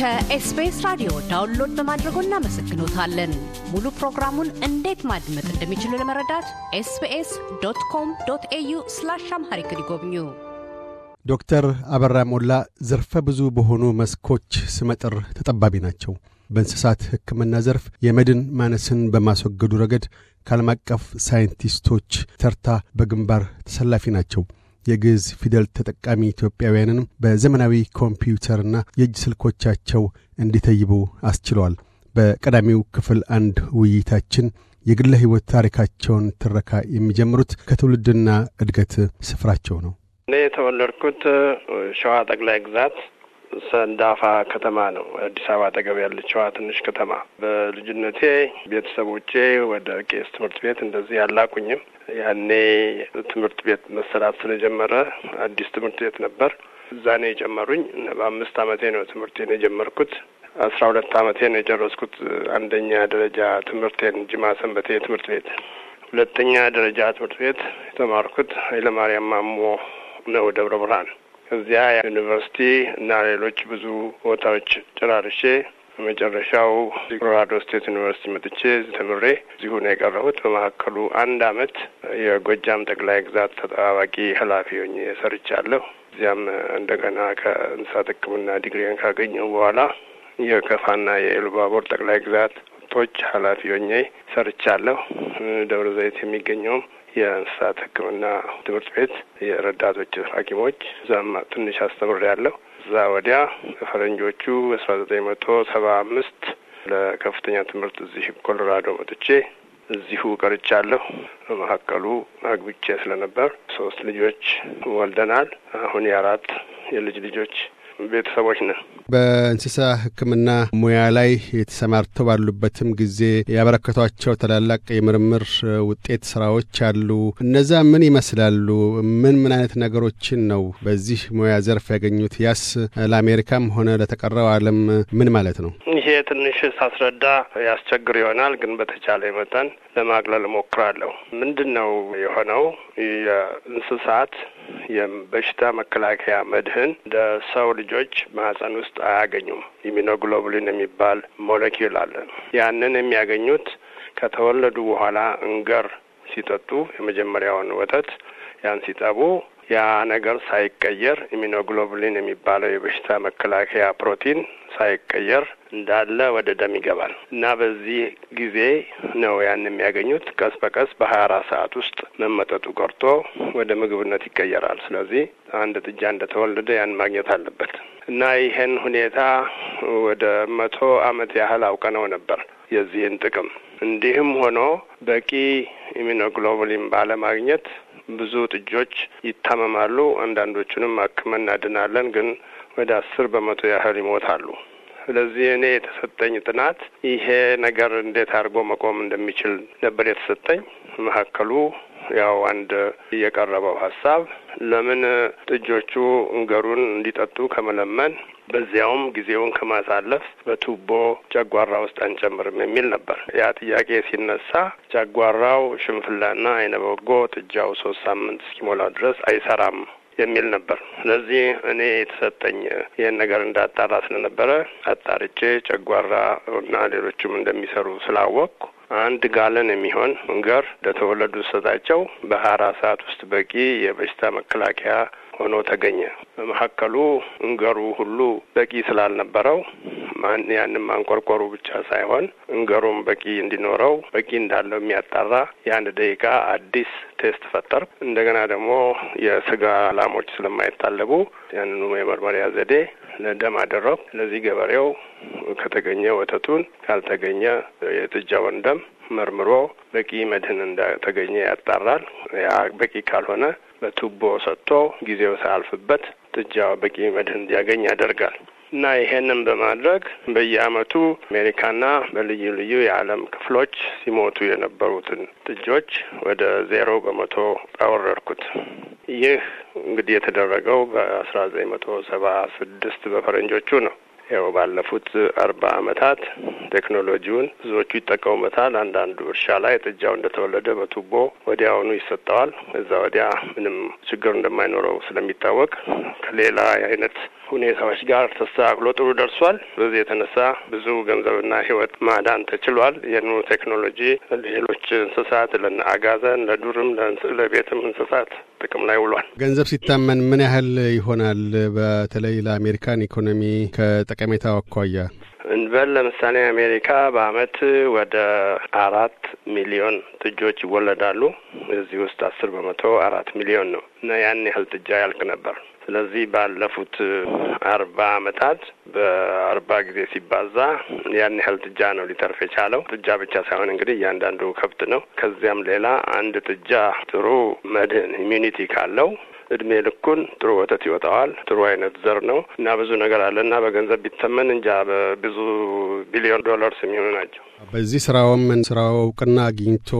ከኤስቢኤስ ራዲዮ ዳውንሎድ በማድረጎ እናመሰግኖታለን። ሙሉ ፕሮግራሙን እንዴት ማድመጥ እንደሚችሉ ለመረዳት ኤስቢኤስ ዶት ኮም ዶት ኤዩ ስላሽ አምሃሪክ ይጎብኙ። ዶክተር አበራ ሞላ ዘርፈ ብዙ በሆኑ መስኮች ስመጥር ተጠባቢ ናቸው። በእንስሳት ሕክምና ዘርፍ የመድን ማነስን በማስወገዱ ረገድ ከዓለም አቀፍ ሳይንቲስቶች ተርታ በግንባር ተሰላፊ ናቸው። የግዕዝ ፊደል ተጠቃሚ ኢትዮጵያውያንን በዘመናዊ ኮምፒውተርና የእጅ ስልኮቻቸው እንዲተይቡ አስችሏል። በቀዳሚው ክፍል አንድ ውይይታችን የግለ ሕይወት ታሪካቸውን ትረካ የሚጀምሩት ከትውልድና እድገት ስፍራቸው ነው። እኔ የተወለድኩት ሸዋ ጠቅላይ ግዛት ሰንዳፋ ከተማ ነው። አዲስ አበባ አጠገብ ያለችዋ ትንሽ ከተማ። በልጅነቴ ቤተሰቦቼ ወደ ቄስ ትምህርት ቤት እንደዚህ ያላቁኝም። ያኔ ትምህርት ቤት መሰራት ስለጀመረ አዲስ ትምህርት ቤት ነበር። እዛ ነው የጨመሩኝ። በአምስት አመቴ ነው ትምህርቴን የጀመርኩት። አስራ ሁለት አመቴ ነው የጨረስኩት አንደኛ ደረጃ ትምህርቴን ጅማ ሰንበቴ ትምህርት ቤት። ሁለተኛ ደረጃ ትምህርት ቤት የተማርኩት ኃይለማርያም ማሞ ነው ደብረ ብርሃን ከዚያ ዩኒቨርሲቲ እና ሌሎች ብዙ ቦታዎች ጨራርሼ በመጨረሻው ኮሎራዶ ስቴት ዩኒቨርሲቲ መጥቼ ተምሬ እዚሁ ነው የቀረሁት። በመካከሉ አንድ አመት የጎጃም ጠቅላይ ግዛት ተጠባባቂ ኃላፊ ሆኜ ሰርቻለሁ። እዚያም እንደገና ከእንስሳት ሕክምና ዲግሪን ካገኘሁ በኋላ የከፋና የኤልባቦር ጠቅላይ ግዛት ቶች ኃላፊ ሆኜ ሰርቻለሁ። ደብረ ዘይት የሚገኘውም የእንስሳት ሕክምና ትምህርት ቤት የረዳቶች ሐኪሞች እዛም ትንሽ አስተምር ያለው እዛ ወዲያ ፈረንጆቹ አስራ ዘጠኝ መቶ ሰባ አምስት ለከፍተኛ ትምህርት እዚህ ኮሎራዶ መጥቼ እዚሁ ቀርቻለሁ። በመካከሉ አግብቼ ስለነበር ሶስት ልጆች ወልደናል። አሁን የአራት የልጅ ልጆች ቤተሰቦች ነን። በእንስሳ ሕክምና ሙያ ላይ የተሰማርተው ባሉበትም ጊዜ ያበረከቷቸው ታላላቅ የምርምር ውጤት ስራዎች አሉ። እነዛ ምን ይመስላሉ? ምን ምን አይነት ነገሮችን ነው በዚህ ሙያ ዘርፍ ያገኙት? ያስ ለአሜሪካም ሆነ ለተቀረው ዓለም ምን ማለት ነው? ይሄ ትንሽ ሳስረዳ ያስቸግር ይሆናል፣ ግን በተቻለ መጠን ለማቅለል እሞክራለሁ። ምንድን ነው የሆነው የእንስሳት የበሽታ መከላከያ መድህን ሰው ልጆች ማህፀን ውስጥ አያገኙም። ኢሚኖግሎቡሊን የሚባል ሞለኪል አለ። ያንን የሚያገኙት ከተወለዱ በኋላ እንገር ሲጠጡ የመጀመሪያውን ወተት ያን ሲጠቡ ያ ነገር ሳይቀየር ኢሚኖግሎብሊን የሚባለው የበሽታ መከላከያ ፕሮቲን ሳይቀየር እንዳለ ወደ ደም ይገባል እና በዚህ ጊዜ ነው ያን የሚያገኙት። ቀስ በቀስ በሀያ አራት ሰዓት ውስጥ መመጠጡ ቀርቶ ወደ ምግብነት ይቀየራል። ስለዚህ አንድ ጥጃ እንደተወለደ ያን ማግኘት አለበት እና ይህን ሁኔታ ወደ መቶ ዓመት ያህል አውቀነው ነበር የዚህን ጥቅም። እንዲህም ሆኖ በቂ ኢሚኖግሎቡሊን ባለማግኘት ብዙ ጥጆች ይታመማሉ። አንዳንዶቹንም አክመን እናድናለን፣ ግን ወደ አስር በመቶ ያህል ይሞታሉ። ስለዚህ እኔ የተሰጠኝ ጥናት ይሄ ነገር እንዴት አድርጎ መቆም እንደሚችል ነበር የተሰጠኝ። መካከሉ ያው አንድ የቀረበው ሀሳብ ለምን ጥጆቹ እንገሩን እንዲጠጡ ከመለመን በዚያውም ጊዜውን ከማሳለፍ በቱቦ ጨጓራ ውስጥ አንጨምርም የሚል ነበር። ያ ጥያቄ ሲነሳ ጨጓራው ሽንፍላና አይነ በጎ ጥጃው ሶስት ሳምንት እስኪሞላው ድረስ አይሰራም የሚል ነበር። ስለዚህ እኔ የተሰጠኝ ይህን ነገር እንዳጣራ ስለነበረ አጣርቼ ጨጓራ እና ሌሎችም እንደሚሰሩ ስላወቅኩ አንድ ጋለን የሚሆን እንገር ለተወለዱ ሰጣቸው በሀራ ሰዓት ውስጥ በቂ የበሽታ መከላከያ ሆኖ ተገኘ። በመካከሉ እንገሩ ሁሉ በቂ ስላልነበረው ማን ያንም ማንቆርቆሩ ብቻ ሳይሆን እንገሩም በቂ እንዲኖረው በቂ እንዳለው የሚያጣራ የአንድ ደቂቃ አዲስ ቴስት ፈጠር። እንደገና ደግሞ የስጋ ላሞች ስለማይታለቡ ያንኑ የመርመሪያ ዘዴ ለደም አደረው። ስለዚህ ገበሬው ከተገኘ ወተቱን ካልተገኘ የጥጃውን ደም መርምሮ በቂ መድህን እንደተገኘ ያጣራል። ያ በቂ ካልሆነ በቱቦ ሰጥቶ ጊዜው ሳያልፍበት ጥጃው በቂ መድህን እንዲያገኝ ያደርጋል። እና ይሄንን በማድረግ በየአመቱ አሜሪካና በልዩ ልዩ የዓለም ክፍሎች ሲሞቱ የነበሩትን ጥጆች ወደ ዜሮ በመቶ አወረድኩት። ይህ እንግዲህ የተደረገው በአስራ ዘጠኝ መቶ ሰባ ስድስት በፈረንጆቹ ነው። ያው ባለፉት አርባ አመታት ቴክኖሎጂውን ብዙዎቹ ይጠቀሙበታል። አንዳንዱ እርሻ ላይ ጥጃው እንደተወለደ በቱቦ ወዲያውኑ ይሰጠዋል። እዛ ወዲያ ምንም ችግር እንደማይኖረው ስለሚታወቅ ከሌላ አይነት ሁኔታዎች ጋር ተስተካክሎ ጥሩ ደርሷል። በዚህ የተነሳ ብዙ ገንዘብና ህይወት ማዳን ተችሏል። የኑ ቴክኖሎጂ ሌሎች እንስሳት ለአጋዘን ለዱርም፣ ለቤትም እንስሳት ጥቅም ላይ ውሏል። ገንዘብ ሲታመን ምን ያህል ይሆናል? በተለይ ለአሜሪካን ኢኮኖሚ ከጠቀሜታው አኳያ እንበል ለምሳሌ አሜሪካ በአመት ወደ አራት ሚሊዮን ጥጆች ይወለዳሉ። እዚህ ውስጥ አስር በመቶ አራት ሚሊዮን ነው። እና ያን ያህል ጥጃ ያልቅ ነበር። ስለዚህ ባለፉት አርባ አመታት በአርባ ጊዜ ሲባዛ ያን ያህል ጥጃ ነው ሊተርፍ የቻለው። ጥጃ ብቻ ሳይሆን እንግዲህ እያንዳንዱ ከብት ነው። ከዚያም ሌላ አንድ ጥጃ ጥሩ መድህን ኢሚኒቲ ካለው እድሜ ልኩን ጥሩ ወተት ይወጣዋል። ጥሩ አይነት ዘር ነው እና ብዙ ነገር አለ እና በገንዘብ ቢተመን እንጃ በብዙ ቢሊዮን ዶላርስ የሚሆኑ ናቸው። በዚህ ስራውም ስራው እውቅና አግኝቶ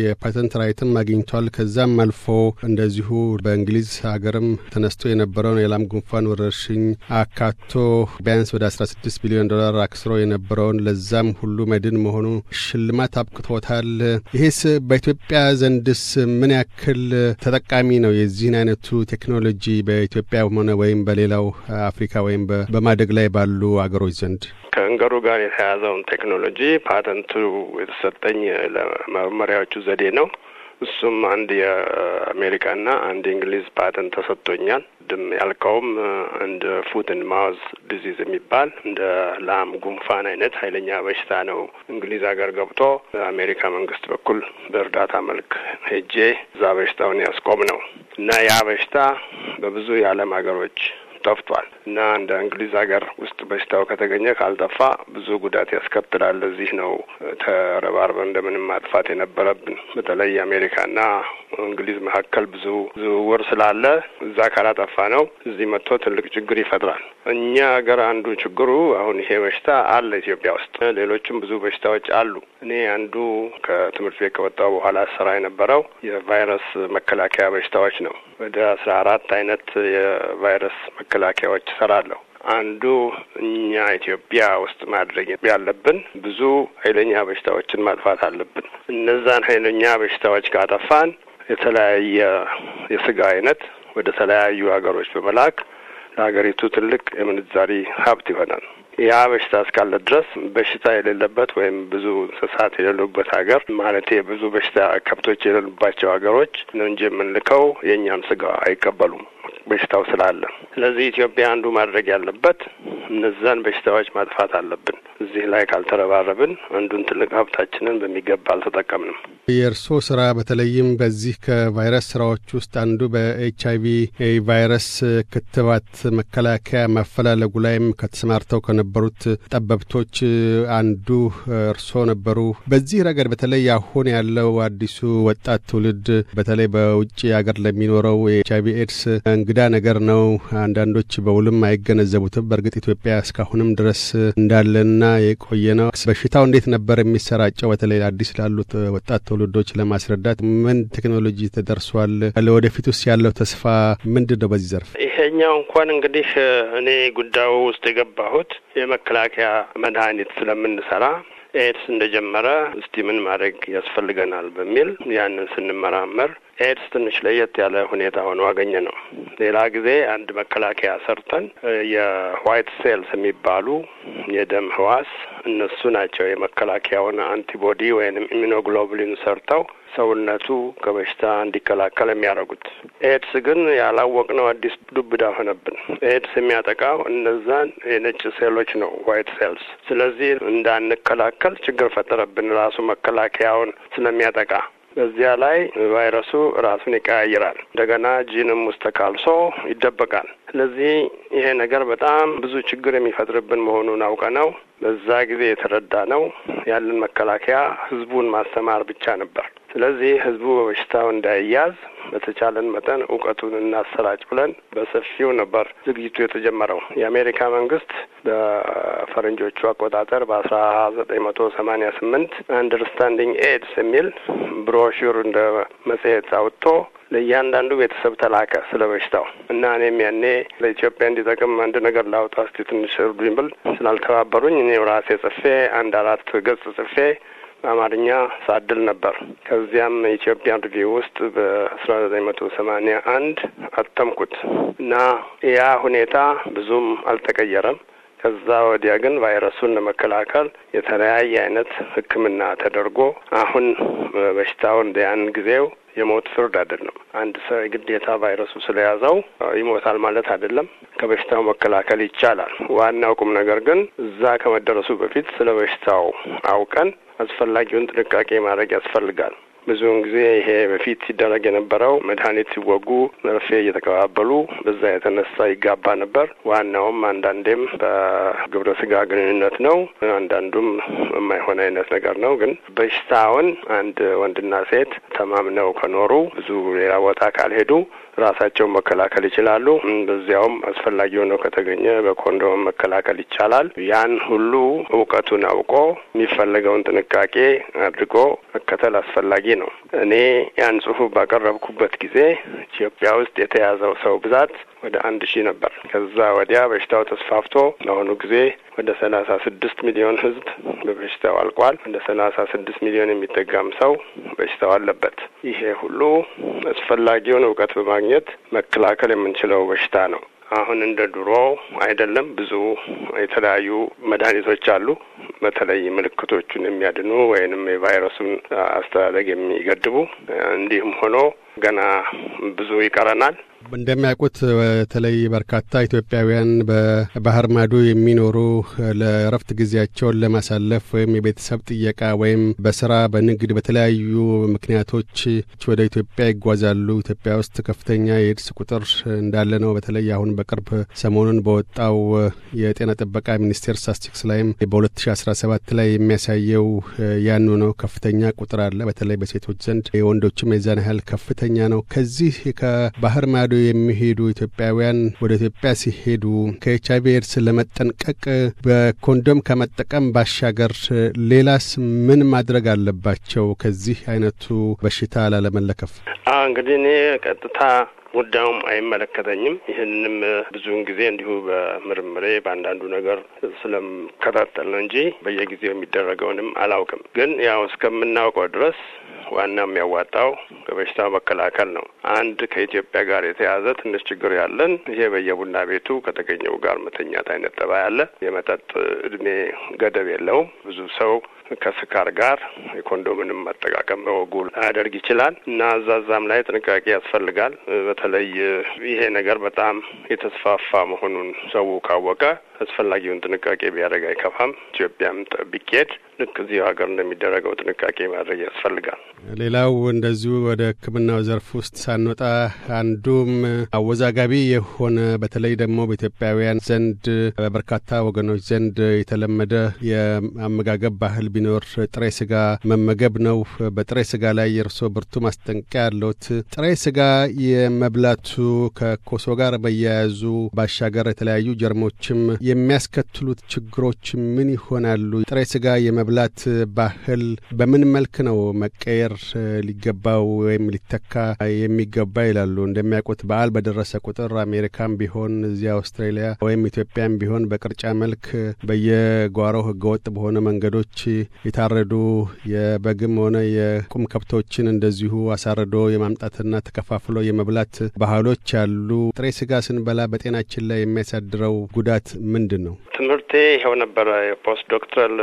የፓተንት ራይትም አግኝቷል። ከዛም አልፎ እንደዚሁ በእንግሊዝ ሀገርም ተነስቶ የነበረውን የላም ጉንፋን ወረርሽኝ አካቶ ቢያንስ ወደ አስራ ስድስት ቢሊዮን ዶላር አክስሮ የነበረውን ለዛም ሁሉ መድን መሆኑ ሽልማት አብቅቶታል። ይሄስ በኢትዮጵያ ዘንድስ ምን ያክል ተጠቃሚ ነው የዚህን አይነቱ ቴክኖሎጂ በኢትዮጵያ ሆነ ወይም በሌላው አፍሪካ ወይም በማደግ ላይ ባሉ አገሮች ዘንድ ከእንገሩ ጋር የተያዘውን ቴክኖሎጂ ፓተንቱ የተሰጠኝ ለመመሪያዎቹ ዘዴ ነው። እሱም አንድ የአሜሪካና አንድ የእንግሊዝ ፓተንት ተሰጥቶኛል። ድም ያልከውም እንደ ፉት ማውዝ ዲዚዝ የሚባል እንደ ላም ጉንፋን አይነት ኃይለኛ በሽታ ነው። እንግሊዝ ሀገር ገብቶ በአሜሪካ መንግስት በኩል በእርዳታ መልክ ሄጄ እዛ በሽታውን ያስቆም ነው እና ያ በሽታ በብዙ የዓለም ሀገሮች ጠፍቷል እና እንደ እንግሊዝ ሀገር ውስጥ በሽታው ከተገኘ ካልጠፋ ብዙ ጉዳት ያስከትላል። ለዚህ ነው ተረባርበ እንደምንም ማጥፋት የነበረብን። በተለይ አሜሪካና እንግሊዝ መካከል ብዙ ዝውውር ስላለ እዛ ካላጠፋ ነው እዚህ መጥቶ ትልቅ ችግር ይፈጥራል። እኛ ሀገር አንዱ ችግሩ አሁን ይሄ በሽታ አለ ኢትዮጵያ ውስጥ፣ ሌሎችም ብዙ በሽታዎች አሉ። እኔ አንዱ ከትምህርት ቤት ከወጣው በኋላ ስራ የነበረው የቫይረስ መከላከያ በሽታዎች ነው። ወደ አስራ አራት አይነት የቫይረስ መከ መከላከያዎች እሰራለሁ። አንዱ እኛ ኢትዮጵያ ውስጥ ማድረግ ያለብን ብዙ ኃይለኛ በሽታዎችን ማጥፋት አለብን። እነዛን ኃይለኛ በሽታዎች ካጠፋን የተለያየ የስጋ አይነት ወደ ተለያዩ ሀገሮች በመላክ ለሀገሪቱ ትልቅ የምንዛሪ ሀብት ይሆናል። ያ በሽታ እስካለ ድረስ በሽታ የሌለበት ወይም ብዙ እንስሳት የሌሉበት ሀገር ማለት ብዙ በሽታ ከብቶች የሌሉባቸው ሀገሮች ነው እንጂ የምንልከው የእኛን ስጋ አይቀበሉም። በሽታው ስላለ። ስለዚህ ኢትዮጵያ አንዱ ማድረግ ያለበት እነዛን በሽታዎች ማጥፋት አለብን። እዚህ ላይ ካልተረባረብን አንዱን ትልቅ ሀብታችንን በሚገባ አልተጠቀምንም። የእርስዎ ስራ በተለይም በዚህ ከቫይረስ ስራዎች ውስጥ አንዱ በኤች አይቪ ቫይረስ ክትባት መከላከያ ማፈላለጉ ላይም ከተሰማርተው ከነበሩት ጠበብቶች አንዱ እርስዎ ነበሩ። በዚህ ረገድ በተለይ አሁን ያለው አዲሱ ወጣት ትውልድ በተለይ በውጭ ሀገር ለሚኖረው የኤች ኤድስ እንግዳ ነገር ነው። አንዳንዶች በውልም አይገነዘቡትም። በእርግጥ ኢትዮጵያ እስካሁንም ድረስ እንዳለና የቆየ ነው። በሽታው እንዴት ነበር የሚሰራጨው? በተለይ አዲስ ላሉት ወጣት ትውልዶች ለማስረዳት ምን ቴክኖሎጂ ተደርሷል? ለወደፊት ውስጥ ያለው ተስፋ ምንድን ነው በዚህ ዘርፍ? ይሄኛው እንኳን እንግዲህ እኔ ጉዳዩ ውስጥ የገባሁት የመከላከያ መድኃኒት ስለምንሰራ ኤድስ እንደጀመረ እስቲ ምን ማድረግ ያስፈልገናል በሚል ያንን ስንመራመር ኤድስ ትንሽ ለየት ያለ ሁኔታ ሆኖ አገኘ ነው። ሌላ ጊዜ አንድ መከላከያ ሰርተን የዋይት ሴልስ የሚባሉ የደም ህዋስ እነሱ ናቸው የመከላከያውን አንቲቦዲ ወይም ኢሚኖግሎብሊን ሰርተው ሰውነቱ ከበሽታ እንዲከላከል የሚያደርጉት። ኤድስ ግን ያላወቅነው አዲስ ዱብዳ ሆነብን። ኤድስ የሚያጠቃው እነዛን የነጭ ሴሎች ነው፣ ዋይት ሴልስ። ስለዚህ እንዳንከላከል ችግር ፈጠረብን ራሱ መከላከያውን ስለሚያጠቃ በዚያ ላይ ቫይረሱ ራሱን ይቀያይራል። እንደገና ጂንም ውስጥ ተካልሶ ይደበቃል። ስለዚህ ይሄ ነገር በጣም ብዙ ችግር የሚፈጥርብን መሆኑን አውቀ ነው በዛ ጊዜ የተረዳ ነው ያለን መከላከያ ህዝቡን ማስተማር ብቻ ነበር። ስለዚህ ህዝቡ በበሽታው እንዳይያዝ በተቻለን መጠን እውቀቱን እናሰራጭ ብለን በሰፊው ነበር ዝግጅቱ የተጀመረው። የአሜሪካ መንግስት በፈረንጆቹ አቆጣጠር በአስራ ዘጠኝ መቶ ሰማኒያ ስምንት አንደርስታንዲንግ ኤድስ የሚል ብሮሹር እንደ መጽሔት አውጥቶ ለእያንዳንዱ ቤተሰብ ተላከ ስለ በሽታው እና እኔም ያኔ ለኢትዮጵያ እንዲጠቅም አንድ ነገር ላውጣ እስቲ ትንሽ እርዱኝ ብል ስላልተባበሩኝ እኔው ራሴ ጽፌ አንድ አራት ገጽ ጽፌ በአማርኛ ሳድል ነበር። ከዚያም ኢትዮጵያ ሪቪው ውስጥ በአስራ ዘጠኝ መቶ ሰማኒያ አንድ አተምኩት እና ያ ሁኔታ ብዙም አልተቀየረም። ከዛ ወዲያ ግን ቫይረሱን ለመከላከል የተለያየ አይነት ሕክምና ተደርጎ አሁን በሽታውን ያን ጊዜው የሞት ፍርድ አይደለም። አንድ ሰው የግዴታ ቫይረሱ ስለያዘው ይሞታል ማለት አይደለም። ከበሽታው መከላከል ይቻላል። ዋናው ቁም ነገር ግን እዛ ከመደረሱ በፊት ስለ በሽታው አውቀን አስፈላጊውን ጥንቃቄ ማድረግ ያስፈልጋል። ብዙውን ጊዜ ይሄ በፊት ሲደረግ የነበረው መድኃኒት ሲወጉ መርፌ እየተቀባበሉ በዛ የተነሳ ይጋባ ነበር። ዋናውም አንዳንዴም በግብረ ስጋ ግንኙነት ነው፣ አንዳንዱም የማይሆን አይነት ነገር ነው። ግን በሽታውን አንድ ወንድና ሴት ተማምነው ከኖሩ ብዙ ሌላ ቦታ ካልሄዱ ራሳቸውን መከላከል ይችላሉ። በዚያውም አስፈላጊ ሆኖ ከተገኘ በኮንዶም መከላከል ይቻላል። ያን ሁሉ እውቀቱን አውቆ የሚፈለገውን ጥንቃቄ አድርጎ መከተል አስፈላጊ ነው። እኔ ያን ጽሁፍ ባቀረብኩበት ጊዜ ኢትዮጵያ ውስጥ የተያዘው ሰው ብዛት ወደ አንድ ሺህ ነበር። ከዛ ወዲያ በሽታው ተስፋፍቶ ለአሁኑ ጊዜ ወደ ሰላሳ ስድስት ሚሊዮን ህዝብ በበሽታው አልቋል። ወደ ሰላሳ ስድስት ሚሊዮን የሚጠጋም ሰው በሽታው አለበት። ይሄ ሁሉ አስፈላጊውን እውቀት በማግኘት መከላከል የምንችለው በሽታ ነው። አሁን እንደ ድሮ አይደለም። ብዙ የተለያዩ መድኃኒቶች አሉ። በተለይ ምልክቶቹን የሚያድኑ ወይንም የቫይረሱን አስተዳደግ የሚገድቡ እንዲሁም ሆኖ ገና ብዙ ይቀረናል። እንደሚያውቁት በተለይ በርካታ ኢትዮጵያውያን በባህር ማዶ የሚኖሩ ለእረፍት ጊዜያቸውን ለማሳለፍ ወይም የቤተሰብ ጥየቃ ወይም በስራ በንግድ፣ በተለያዩ ምክንያቶች ወደ ኢትዮጵያ ይጓዛሉ። ኢትዮጵያ ውስጥ ከፍተኛ የኤድስ ቁጥር እንዳለ ነው። በተለይ አሁን በቅርብ ሰሞኑን በወጣው የጤና ጥበቃ ሚኒስቴር ስታስቲክስ ላይም በ2017 ላይ የሚያሳየው ያኑ ነው። ከፍተኛ ቁጥር አለ። በተለይ በሴቶች ዘንድ የወንዶችም የዛን ያህል ከፍተኛ ከፍተኛ ነው። ከዚህ ከባህር ማዶ የሚሄዱ ኢትዮጵያውያን ወደ ኢትዮጵያ ሲሄዱ ከኤች አይቪ ኤድስ ለመጠንቀቅ በኮንዶም ከመጠቀም ባሻገር ሌላስ ምን ማድረግ አለባቸው? ከዚህ አይነቱ በሽታ ላለመለከፍ እንግዲህ እኔ ቀጥታ ጉዳዩም አይመለከተኝም። ይህንም ብዙውን ጊዜ እንዲሁ በምርምሬ በአንዳንዱ ነገር ስለምከታተል ነው እንጂ በየጊዜው የሚደረገውንም አላውቅም። ግን ያው እስከምናውቀው ድረስ ዋና የሚያዋጣው በበሽታ መከላከል ነው። አንድ ከኢትዮጵያ ጋር የተያዘ ትንሽ ችግር ያለን ይሄ በየቡና ቤቱ ከተገኘው ጋር መተኛት አይነት ጠባ ያለ የመጠጥ እድሜ ገደብ የለውም። ብዙ ሰው ከስካር ጋር የኮንዶምንም መጠቃቀም በወጉ ሊያደርግ ይችላል እና አዛዛም ላይ ጥንቃቄ ያስፈልጋል። በተለይ ይሄ ነገር በጣም የተስፋፋ መሆኑን ሰው ካወቀ አስፈላጊውን ጥንቃቄ ቢያደርግ አይከፋም። ኢትዮጵያም ቢኬድ ልክ እዚሁ ሀገር እንደሚደረገው ጥንቃቄ ማድረግ ያስፈልጋል። ሌላው እንደዚሁ ወደ ሕክምናው ዘርፍ ውስጥ ሳንወጣ አንዱም አወዛጋቢ የሆነ በተለይ ደግሞ በኢትዮጵያውያን ዘንድ በበርካታ ወገኖች ዘንድ የተለመደ የአመጋገብ ባህል ቢኖር ጥሬ ስጋ መመገብ ነው። በጥሬ ስጋ ላይ የእርሶ ብርቱ ማስጠንቀቂያ ያለውት ጥሬ ስጋ የመብላቱ ከኮሶ ጋር መያያዙ ባሻገር የተለያዩ ጀርሞችም የሚያስከትሉት ችግሮች ምን ይሆናሉ? ጥሬ ስጋ የመብላት ባህል በምን መልክ ነው መቀየር ሊገባው ወይም ሊተካ የሚገባ ይላሉ? እንደሚያውቁት በዓል በደረሰ ቁጥር አሜሪካም ቢሆን እዚህ አውስትራሊያ ወይም ኢትዮጵያም ቢሆን በቅርጫ መልክ በየጓሮው ህገወጥ በሆነ መንገዶች የታረዱ የበግም ሆነ የቁም ከብቶችን እንደዚሁ አሳርዶ የማምጣትና ተከፋፍሎ የመብላት ባህሎች አሉ። ጥሬ ስጋ ስንበላ በጤናችን ላይ የሚያሳድረው ጉዳት ምን ምንድን ነው? ትምህርቴ ይኸው ነበረ። የፖስት ዶክትራል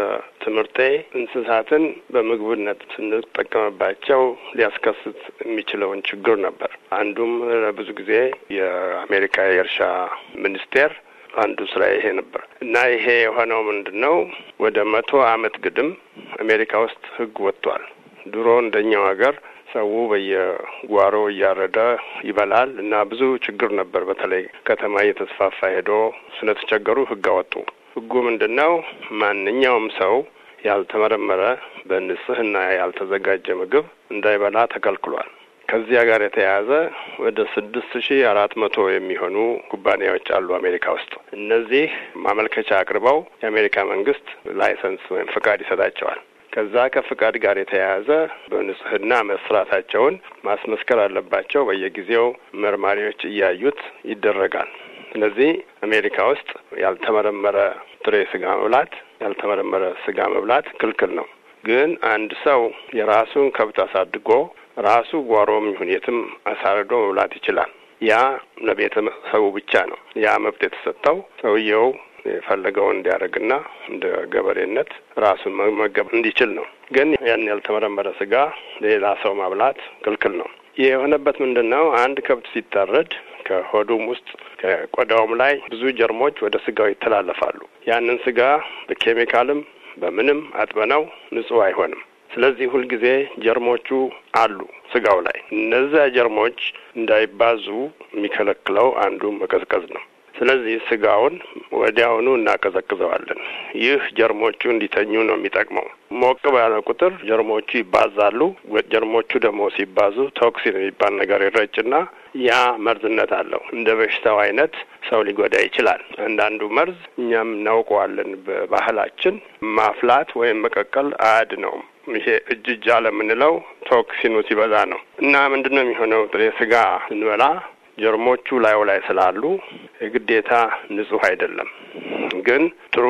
ትምህርቴ እንስሳትን በምግብነት ስንጠቀምባቸው ሊያስከስት የሚችለውን ችግር ነበር። አንዱም ለብዙ ጊዜ የአሜሪካ የእርሻ ሚኒስቴር አንዱ ስራ ይሄ ነበር እና ይሄ የሆነው ምንድን ነው ወደ መቶ አመት ግድም አሜሪካ ውስጥ ህግ ወጥቷል። ድሮ እንደኛው ሀገር ሰው በየጓሮ እያረደ ይበላል እና ብዙ ችግር ነበር። በተለይ ከተማ እየተስፋፋ ሄዶ ስለተቸገሩ ህግ አወጡ። ህጉ ምንድን ነው? ማንኛውም ሰው ያልተመረመረ በንጽህና ያልተዘጋጀ ምግብ እንዳይበላ ተከልክሏል። ከዚያ ጋር የተያያዘ ወደ ስድስት ሺ አራት መቶ የሚሆኑ ኩባንያዎች አሉ አሜሪካ ውስጥ። እነዚህ ማመልከቻ አቅርበው የአሜሪካ መንግስት ላይሰንስ ወይም ፍቃድ ይሰጣቸዋል። ከዛ ከፍቃድ ጋር የተያያዘ በንጽህና መስራታቸውን ማስመስከር አለባቸው። በየጊዜው መርማሪዎች እያዩት ይደረጋል። ስለዚህ አሜሪካ ውስጥ ያልተመረመረ ጥሬ ስጋ መብላት፣ ያልተመረመረ ስጋ መብላት ክልክል ነው። ግን አንድ ሰው የራሱን ከብት አሳድጎ ራሱ ጓሮም ሁኔትም አሳርዶ መብላት ይችላል። ያ ለቤተሰቡ ብቻ ነው ያ መብት የተሰጠው ሰውየው የፈለገው እንዲያደርግና እንደ ገበሬነት ራሱን መመገብ እንዲችል ነው። ግን ያን ያልተመረመረ ስጋ ሌላ ሰው ማብላት ክልክል ነው። ይህ የሆነበት ምንድን ነው? አንድ ከብት ሲታረድ ከሆዱም ውስጥ ከቆዳውም ላይ ብዙ ጀርሞች ወደ ስጋው ይተላለፋሉ። ያንን ስጋ በኬሚካልም በምንም አጥበነው ንጹህ አይሆንም። ስለዚህ ሁልጊዜ ጀርሞቹ አሉ ስጋው ላይ። እነዚያ ጀርሞች እንዳይባዙ የሚከለክለው አንዱ መቀዝቀዝ ነው። ስለዚህ ስጋውን ወዲያውኑ እናቀዘቅዘዋለን። ይህ ጀርሞቹ እንዲተኙ ነው የሚጠቅመው። ሞቅ ባለ ቁጥር ጀርሞቹ ይባዛሉ። ጀርሞቹ ደግሞ ሲባዙ ቶክሲን የሚባል ነገር ይረጭና ያ መርዝነት አለው። እንደ በሽታው አይነት ሰው ሊጎዳ ይችላል። አንዳንዱ መርዝ እኛም እናውቀዋለን። በባህላችን ማፍላት ወይም መቀቀል አያድ ነው። ይሄ እጅ ለምንለው ቶክሲኑ ሲበዛ ነው እና ምንድን ነው የሚሆነው? ጥሬ ስጋ ስንበላ ጀርሞቹ ላዩ ላይ ስላሉ የግዴታ ንጹህ አይደለም። ግን ጥሩ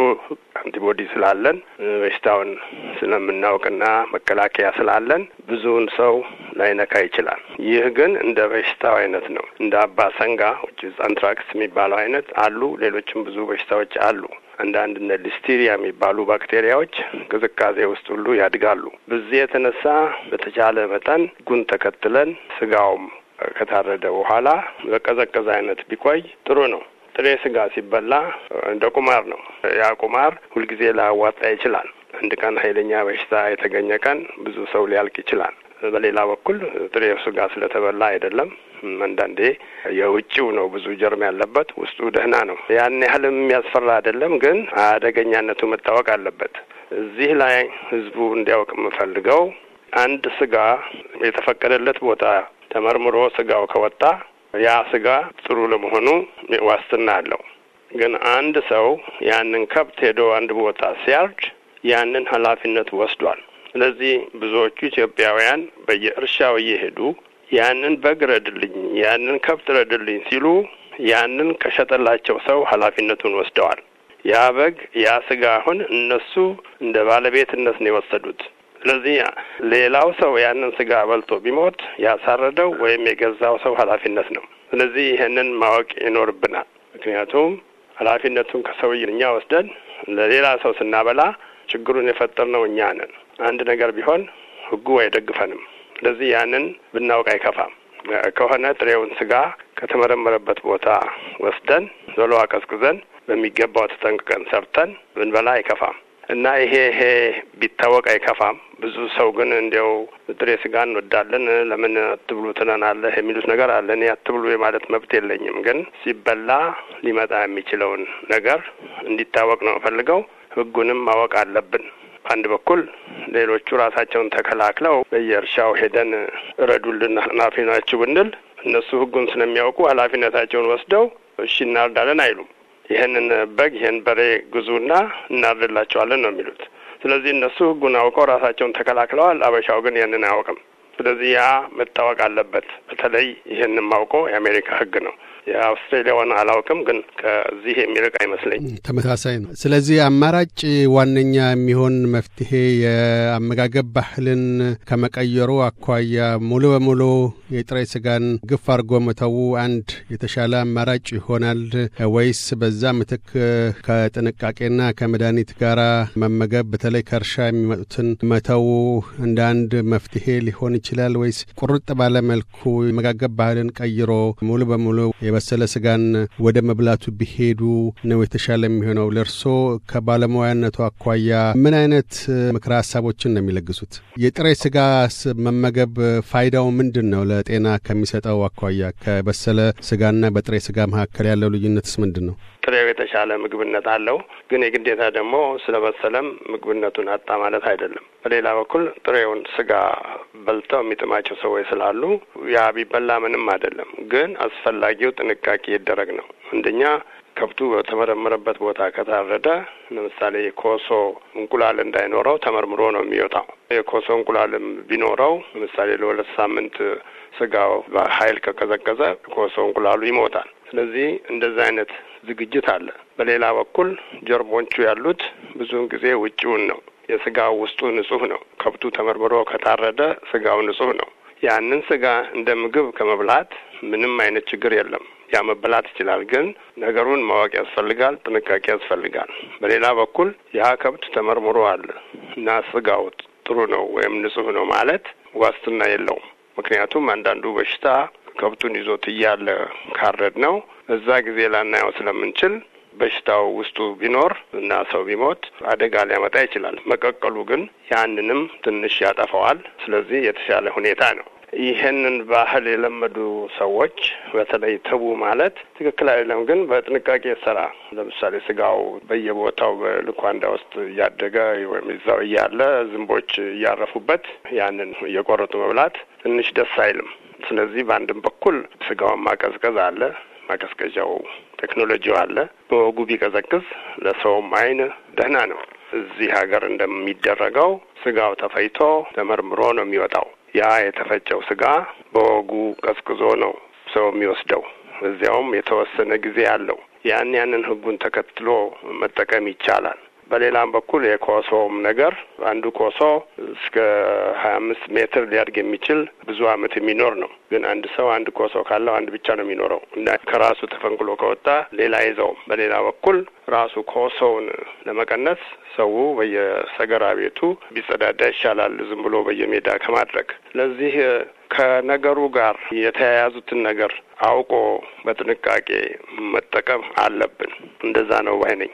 አንቲቦዲ ስላለን በሽታውን ስለምናውቅና መከላከያ ስላለን ብዙውን ሰው ላይነካ ይችላል። ይህ ግን እንደ በሽታው አይነት ነው። እንደ አባ ሰንጋ አንትራክስ የሚባለው አይነት አሉ። ሌሎችም ብዙ በሽታዎች አሉ። አንዳንድ እነ ሊስቲሪያ የሚባሉ ባክቴሪያዎች ቅዝቃዜ ውስጥ ሁሉ ያድጋሉ። በዚህ የተነሳ በተቻለ መጠን ጉን ተከትለን ስጋውም ከታረደ በኋላ በቀዘቀዘ አይነት ቢቆይ ጥሩ ነው። ጥሬ ስጋ ሲበላ እንደ ቁማር ነው። ያ ቁማር ሁልጊዜ ላያዋጣ ይችላል። አንድ ቀን ኃይለኛ በሽታ የተገኘ ቀን ብዙ ሰው ሊያልቅ ይችላል። በሌላ በኩል ጥሬ ስጋ ስለተበላ አይደለም። አንዳንዴ የውጭው ነው ብዙ ጀርም ያለበት፣ ውስጡ ደህና ነው። ያን ያህልም የሚያስፈራ አይደለም፣ ግን አደገኛነቱ መታወቅ አለበት። እዚህ ላይ ህዝቡ እንዲያውቅ የምፈልገው አንድ ስጋ የተፈቀደለት ቦታ ተመርምሮ ስጋው ከወጣ ያ ስጋ ጥሩ ለመሆኑ ዋስትና አለው። ግን አንድ ሰው ያንን ከብት ሄዶ አንድ ቦታ ሲያርድ ያንን ኃላፊነት ወስዷል። ስለዚህ ብዙዎቹ ኢትዮጵያውያን በየእርሻው እየሄዱ ያንን በግ ረድልኝ፣ ያንን ከብት ረድልኝ ሲሉ ያንን ከሸጠላቸው ሰው ኃላፊነቱን ወስደዋል። ያ በግ ያ ስጋ አሁን እነሱ እንደ ባለቤትነት ነው የወሰዱት። ስለዚህ ሌላው ሰው ያንን ስጋ በልቶ ቢሞት ያሳረደው ወይም የገዛው ሰው ኃላፊነት ነው። ስለዚህ ይህንን ማወቅ ይኖርብናል። ምክንያቱም ኃላፊነቱን ከሰውዬው እኛ ወስደን ለሌላ ሰው ስናበላ ችግሩን የፈጠርነው እኛ ነን። አንድ ነገር ቢሆን ህጉ አይደግፈንም። ስለዚህ ያንን ብናውቅ አይከፋም። ከሆነ ጥሬውን ስጋ ከተመረመረበት ቦታ ወስደን ዘሎ አቀዝቅዘን በሚገባው ተጠንቅቀን ሰርተን ብንበላ አይከፋም። እና ይሄ ይሄ ቢታወቅ አይከፋም። ብዙ ሰው ግን እንዲያው ጥሬ ስጋ እንወዳለን ለምን አትብሉ ትለናለህ የሚሉት ነገር አለ። እኔ አትብሉ የማለት መብት የለኝም፣ ግን ሲበላ ሊመጣ የሚችለውን ነገር እንዲታወቅ ነው ፈልገው። ህጉንም ማወቅ አለብን። በአንድ በኩል ሌሎቹ ራሳቸውን ተከላክለው በየእርሻው ሄደን እረዱልን ኃላፊ ናችሁ ብንል እነሱ ህጉን ስለሚያውቁ ኃላፊነታቸውን ወስደው እሺ እናርዳለን አይሉም። ይህንን በግ ይህን በሬ ግዙና እናርድላቸዋለን ነው የሚሉት። ስለዚህ እነሱ ህጉን አውቀው ራሳቸውን ተከላክለዋል። አበሻው ግን ይህንን አያውቅም። ስለዚህ ያ መታወቅ አለበት። በተለይ ይህን ማውቀው የአሜሪካ ህግ ነው። የአውስትሬሊያውን አላውቅም፣ ግን ከዚህ የሚርቅ አይመስለኝም። ተመሳሳይ ነው። ስለዚህ አማራጭ ዋነኛ የሚሆን መፍትሄ የአመጋገብ ባህልን ከመቀየሩ አኳያ ሙሉ በሙሉ የጥሬ ስጋን ግፍ አድርጎ መተው አንድ የተሻለ አማራጭ ይሆናል ወይስ በዛ ምትክ ከጥንቃቄና ከመድኃኒት ጋር መመገብ በተለይ ከእርሻ የሚመጡትን መተው እንደ አንድ መፍትሄ ሊሆን ይችላል ወይስ ቁርጥ ባለመልኩ የአመጋገብ ባህልን ቀይሮ ሙሉ በሙሉ የበሰለ ስጋን ወደ መብላቱ ቢሄዱ ነው የተሻለ የሚሆነው። ለእርሶ ከባለሙያነቱ አኳያ ምን አይነት ምክረ ሀሳቦችን ነው የሚለግሱት? የጥሬ ስጋ መመገብ ፋይዳው ምንድን ነው? ለጤና ከሚሰጠው አኳያ ከበሰለ ስጋና በጥሬ ስጋ መካከል ያለው ልዩነትስ ምንድን ነው? ጥሬው የተሻለ ምግብነት አለው። ግን የግዴታ ደግሞ ስለበሰለም ምግብነቱን አጣ ማለት አይደለም። በሌላ በኩል ጥሬውን ስጋ በልተው የሚጥማቸው ሰዎች ስላሉ ያ ቢበላ ምንም አይደለም። ግን አስፈላጊው ጥንቃቄ ይደረግ ነው። አንደኛ ከብቱ በተመረመረበት ቦታ ከታረደ፣ ለምሳሌ የኮሶ እንቁላል እንዳይኖረው ተመርምሮ ነው የሚወጣው። የኮሶ እንቁላልም ቢኖረው ለምሳሌ ለሁለት ሳምንት ስጋው በኃይል ከቀዘቀዘ ኮሶ እንቁላሉ ይሞታል። ስለዚህ እንደዚህ አይነት ዝግጅት አለ። በሌላ በኩል ጀርሞቹ ያሉት ብዙውን ጊዜ ውጭውን ነው። የስጋው ውስጡ ንጹህ ነው። ከብቱ ተመርምሮ ከታረደ ስጋው ንጹህ ነው። ያንን ስጋ እንደ ምግብ ከመብላት ምንም አይነት ችግር የለም። ያ መበላት ይችላል። ግን ነገሩን ማወቅ ያስፈልጋል፣ ጥንቃቄ ያስፈልጋል። በሌላ በኩል ያ ከብት ተመርምሮ አለ እና ስጋው ጥሩ ነው ወይም ንጹህ ነው ማለት ዋስትና የለውም። ምክንያቱም አንዳንዱ በሽታ ከብቱን ይዞት እያለ ካረድ ነው እዛ ጊዜ ላናየው ስለምንችል በሽታው ውስጡ ቢኖር እና ሰው ቢሞት አደጋ ሊያመጣ ይችላል። መቀቀሉ ግን ያንንም ትንሽ ያጠፋዋል። ስለዚህ የተሻለ ሁኔታ ነው። ይህንን ባህል የለመዱ ሰዎች በተለይ ትቡ ማለት ትክክል አይደለም፣ ግን በጥንቃቄ ስራ ለምሳሌ ስጋው በየቦታው በልኳንዳ ውስጥ እያደገ ወይም እዛው እያለ ዝንቦች እያረፉበት ያንን እየቆረጡ መብላት ትንሽ ደስ አይልም። ስለዚህ በአንድም በኩል ስጋውን ማቀዝቀዝ አለ፣ ማቀዝቀዣው ቴክኖሎጂው አለ። በወጉ ቢቀዘቅዝ ለሰውም አይን ደህና ነው። እዚህ ሀገር እንደሚደረገው ስጋው ተፈይቶ ተመርምሮ ነው የሚወጣው። ያ የተፈጨው ስጋ በወጉ ቀዝቅዞ ነው ሰው የሚወስደው። እዚያውም የተወሰነ ጊዜ አለው። ያን ያንን ህጉን ተከትሎ መጠቀም ይቻላል። በሌላም በኩል የኮሶውም ነገር አንዱ ኮሶ እስከ ሀያ አምስት ሜትር ሊያድግ የሚችል ብዙ አመት የሚኖር ነው። ግን አንድ ሰው አንድ ኮሶ ካለው አንድ ብቻ ነው የሚኖረው እና ከራሱ ተፈንቅሎ ከወጣ ሌላ ይዘውም። በሌላ በኩል ራሱ ኮሶውን ለመቀነስ ሰው በየሰገራ ቤቱ ቢጸዳዳ ይሻላል ዝም ብሎ በየሜዳ ከማድረግ ለዚህ ከነገሩ ጋር የተያያዙትን ነገር አውቆ በጥንቃቄ መጠቀም አለብን። እንደዛ ነው ባይነኝ።